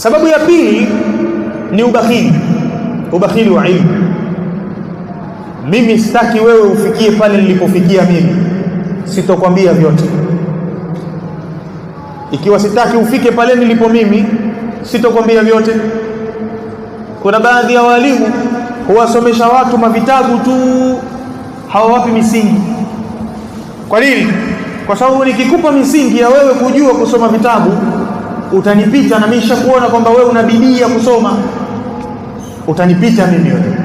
Sababu ya pili ni ubakhili, ubakhili wa ilmu. Mimi sitaki wewe ufikie pale nilipofikia mimi, sitokwambia vyote. Ikiwa sitaki ufike pale nilipo mimi, sitokwambia vyote. Kuna baadhi ya walimu huwasomesha watu mavitabu tu, hawawapi misingi. Kwa nini? Kwa sababu nikikupa misingi ya wewe kujua kusoma vitabu utanipita na mimi nishakuona kwamba wewe una bidii ya kusoma, utanipita mimi wewe,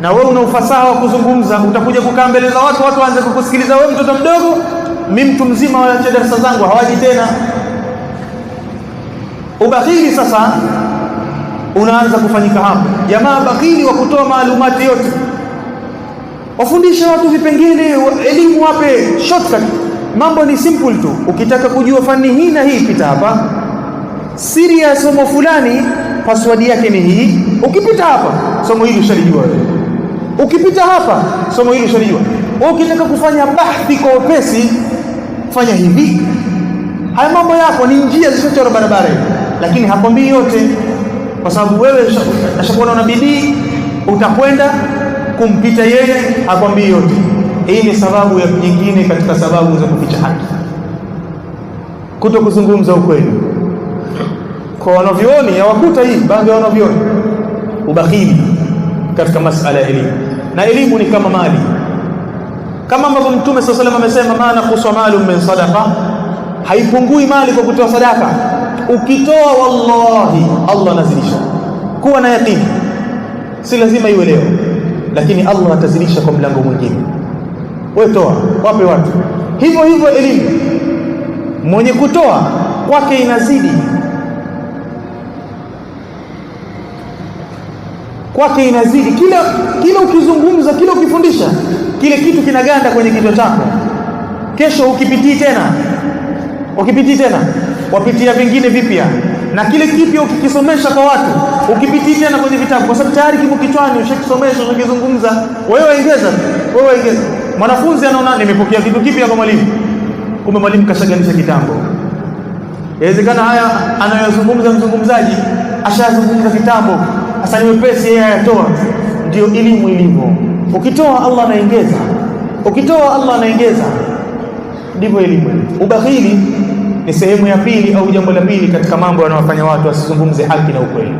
na wewe una ufasaha wa kuzungumza, utakuja kukaa mbele za watu, watu waanze kukusikiliza wewe, mtoto mdogo, mimi mtu mzima, waache darasa zangu, hawaji tena. Ubakhili sasa unaanza kufanyika hapo. Jamaa bakhili wa kutoa maalumati yote, wafundishe watu vipengele, elimu wape shortcut Mambo ni simple tu, ukitaka kujua fani hii na hii, pita hapa. Siri ya somo fulani, password yake ni hii. Ukipita hapa, somo hili ushalijua Ukipita hapa, somo hili ushalijua wewe. Ukitaka kufanya bahthi kwa upesi, fanya hivi. Haya mambo yako ni njia zilizochora barabara, lakini hakwambii yote, kwa sababu wewe ashakuona na bidii, utakwenda kumpita yeye, hakwambii yote. Hii ni sababu ya nyingine katika sababu za kuficha haki, kuto kuzungumza ukweli. Kwa wanavyoni hawakuta hii, baadhi ya wanavyuoni ubakhili katika masala ya elimu, na elimu ni kama mali, kama ambavyo Mtume sallallahu alayhi amesema, maana kuswa malu min sadaqa, haipungui mali kwa kutoa sadaka. Ukitoa wallahi, Allah anazidisha. Kuwa na yakini, si lazima iwe leo, lakini Allah atazidisha kwa mlango mwingine wewe toa, wape watu. Hivyo hivyo elimu, mwenye kutoa kwake inazidi, kwake inazidi. Kila kila ukizungumza, kila ukifundisha, kile kitu kinaganda kwenye kichwa chako, kesho ukipitii tena, ukipitii tena, wapitia vingine vipya na kile kipya ukikisomesha kwa watu, ukipitii tena kwenye vitabu, kwa sababu tayari kipo kichwani, ushakisomesha, ushakizungumza. Wewe waongeza, wewe waongeza Mwanafunzi anaona nimepokea kitu kipya kwa mwalimu, kumbe mwalimu kashaganisha kitambo. Yawezekana haya anayozungumza mzungumzaji ashayazungumza kitambo, hasa ni wepesi yeye ayatoa. Ndio elimu ilivyo, ukitoa Allah anaongeza, ukitoa Allah anaongeza, ndivyo elimu. Ubakhili ni sehemu ya pili au jambo la pili katika mambo yanayofanya watu wasizungumze haki na ukweli.